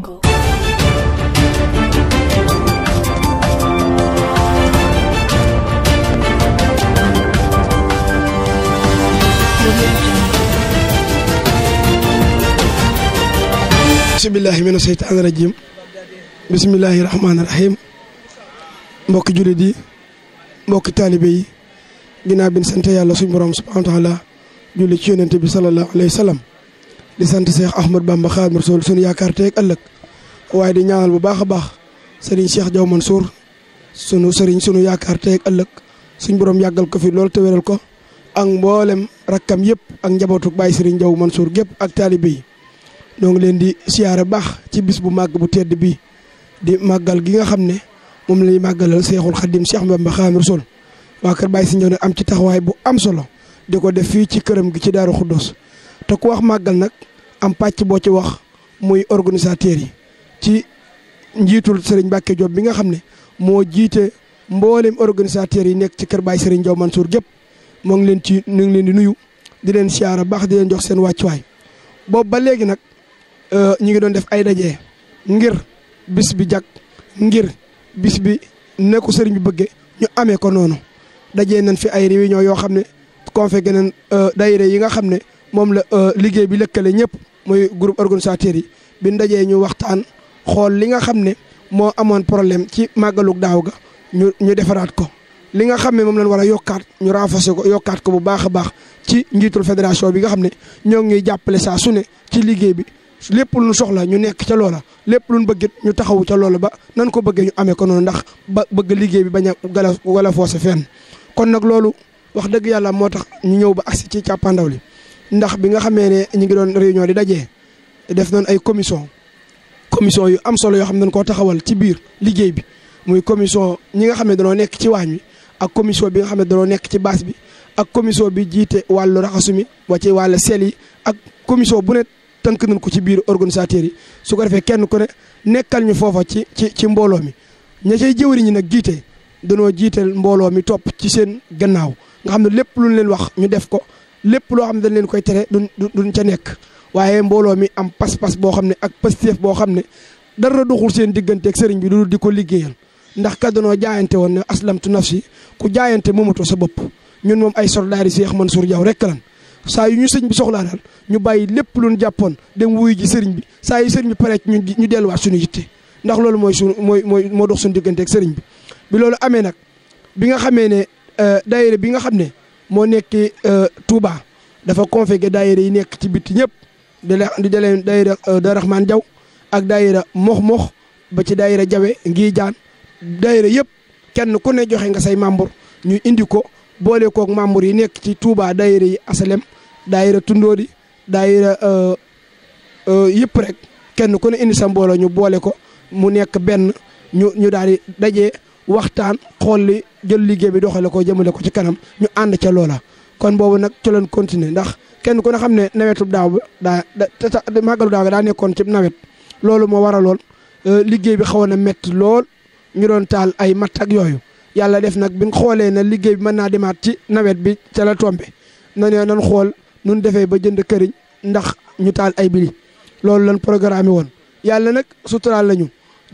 Jungle. bisimilahi mina seytaan rajim bisimilahi rahmaani rahim mbokki jullit yi mbokki taalibe yi ginnaaw bi ñu sant yàlla suñu borom subhaanahu wa julli ci yonent bi sallallahu alayhi wa di sant Cheikh Ahmad Bamba Xaadimu sol sunu yaakaar teeg ëllëg waaye di ñaanal bu baax a baax sëriñ Cheikh Diaw Mansour sunu sëriñ sunu yaakaar teeg ëllëg suñ borom yàggal ko fi loolu te weral ko ak mboolem rakkam yëpp ak njabootu Baye Serigne Diaw Mansour gépp ak taalibe yi ñoo ngi leen di siyaare baax ci bis bu màgg bu tedd bi di màggal gi nga xam ne moom lay màggalal Seexul Xadim Cheikh Bamba Xaadimu Rasuul waa kër Baye Serigne Diaw nag am ci taxawaay bu am solo di ko def fii ci këram gi ci Daaru te ku wax màggal nag am pàcc boo ci wax muy organisateurs yi ci njiitul Serigne Mbacke Diop bi nga xam ne moo jiite mboolem organisateurs yi nekk ci kër Baye Serigne Diop Mansour gépp moo ngi leen ci ñu ngi leen di nuyu di leen siyaara baax di leen jox seen wàccuwaay boobu ba léegi nag euh, ñu ngi doon def ay daje ngir bis bi jag ngir bis bi ne ko sëriñ bi bëgge ñu amee ko noonu dajee nañ fi ay réunion yoo xam ne conféré nañ euh, daayira yi nga xam ne moom la euh, liggéey bi lëkkale ñëpp mooy groupe organisateur yi bi ndajee ñu waxtaan xool li nga xam ne moo amoon problème ci màggalug daaw ga ñu ñu defaraat ko li nga xam ne moom lañ war a yokkaat ñu renforcer ko yokkaat ko bu baax a baax ci njiitul fédération bi nga xam ne ñoo ngi jàppale saa su ne ci liggéey bi lépp lu ñu soxla ñu nekk ca loola lépp lu ñu bëggit ñu taxawu ca loola ba nan ko bëggee ñu amee ko noonu ndax ba bëgg liggéey bi bañ a gala gala foose fenn kon nag loolu wax dëgg yàlla moo tax ñu ñëw ba agsi ci càppandaw li ndax bi nga xamee ne ñu ngi doon réunion di daje def nañ ay commission commission yu am solo yoo xam ne dañ koo taxawal ci biir liggéey bi muy commission ñi nga xam ne danoo nekk ci waañ wi ak commission bi nga xam ne danoo nekk ci baas bi ak commission bi jiite wàllu raxasu mi wa ci wàllu sel yi ak commission bu ne tënk nañ ko ci biir organisateurs yi su ko defee kenn ku ne nekkal ñu foofa ci ci ci mbooloo mi ña cay jëwriñ ñi nag jiite danoo jiital mbooloo mi topp ci seen gannaaw nga xam ne lépp lu leen wax ñu def ko lépp loo xam ne dañ leen koy tere duñ duñ ca nekk waaye mbooloo mi am pas-pas boo xam ne ak pastéef boo xam ne dara doxul seen diggante ak sëriñ bi lu di ko liggéeyal ndax kaddanoo jaayante woon ne aslamtu nafsi ku jaayante moomatoo sa bopp ñun moom ay soldaari man Mansuur Jaw rekk lan saa yu ñu sëñ bi soxlaa daal ñu bàyyi lépp lu jàppoon dem wuyu ji sëriñ bi saa yu sëriñ bi pare ñu ñu delluwaat suñu yitte ndax loolu mooy suñu mooy mooy moo dox suñu diggante ak bi bi loolu amee nag bi nga xamee ne euh, daayira bi nga xam ne moo nekk euh, Touba dafa convoqué daayira yi nekk ci biti ñëpp di dalee daayira euh, Darahman Diaw ak daayira Mox Mox ba ci daayira Jawe ngii jaan daayira yëpp kenn ku ne joxe nga say membre ñu indi ko boole koog membre yi nekk ci Touba daayira yi asalem daayira Tundóodi daayira euh, yëpp rek kenn ku ne indi sa mbooloo ñu boole ko mu nekk benn ñu ñu daal di dajee waxtaan xool li jël liggéey bi doxale ko jëmale ko ci kanam ñu ànd ca loola kon boobu nag ci lañ continuer ndax kenn ku a xam ne nawetu daaw ba daa da màggalu daaw daa nekkoon ci nawet loolu moo waraloon euh, liggéey bi xawoon na métti lool ñu doon taal ay matt ak yooyu yàlla def nag bi ñu xoolee na liggéey bi mën naa demaat ci nawet bi ca la tombe na ne nan xool nun defee ba jënd këriñ ndax ñu taal ay bili loolu lan programme woon yàlla nag suturaal lañu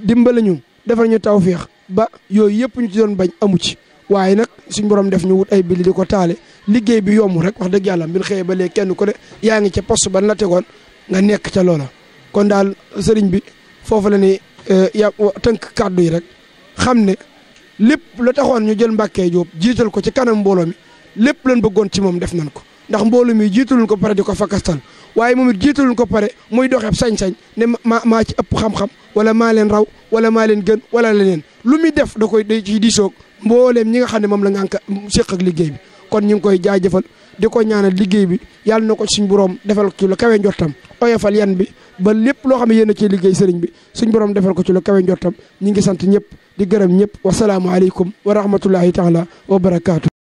dimbali ñu defal ñu tawféex ba yooyu yëpp ñu ci doon bañ amu ci waaye nag suñ borom def ñu wut ay bili di ko taale liggéey bi yomb rek wax dëgg yàlla bin xëyee ba lee kenn ko ne yaa ngi ca poste ban la tegoon nga nekk ca loola kon daal sëriñ bi foofu la ni euh, ya tënk kàddu yi rek xam ne lépp la taxoon ñu jël Mbàkke Jóob jiital ko ci kanam mbooloo mi lépp leen bëggoon ci moom def nañ ko ndax mbooloo mi jiitaluñ ko pare di ko fakastal waaye moom it jiitaluñ ko pare muy doxeeb sañ-sañ ne ma maa ci ëpp xam wala maa leen raw wala maa leen gën wala leneen lu muy def da koy day ciy diisoog mbooleem ñi nga xam ne moom la nga séq ak liggéey bi kon ñu ngi koy jaajëfal di ko ñaanal liggéey bi yàlla na ko suñ borom defal ko ci lu kawe njortam oyofal yan bi ba lépp loo xam ne yéen a liggéey sëriñ bi suñ borom defal ko ci lu kawe njortam ñi ngi sant ñëpp di gërëm ñëpp wasalaamualeykum wa rahmatullahi taala wa barakaatu.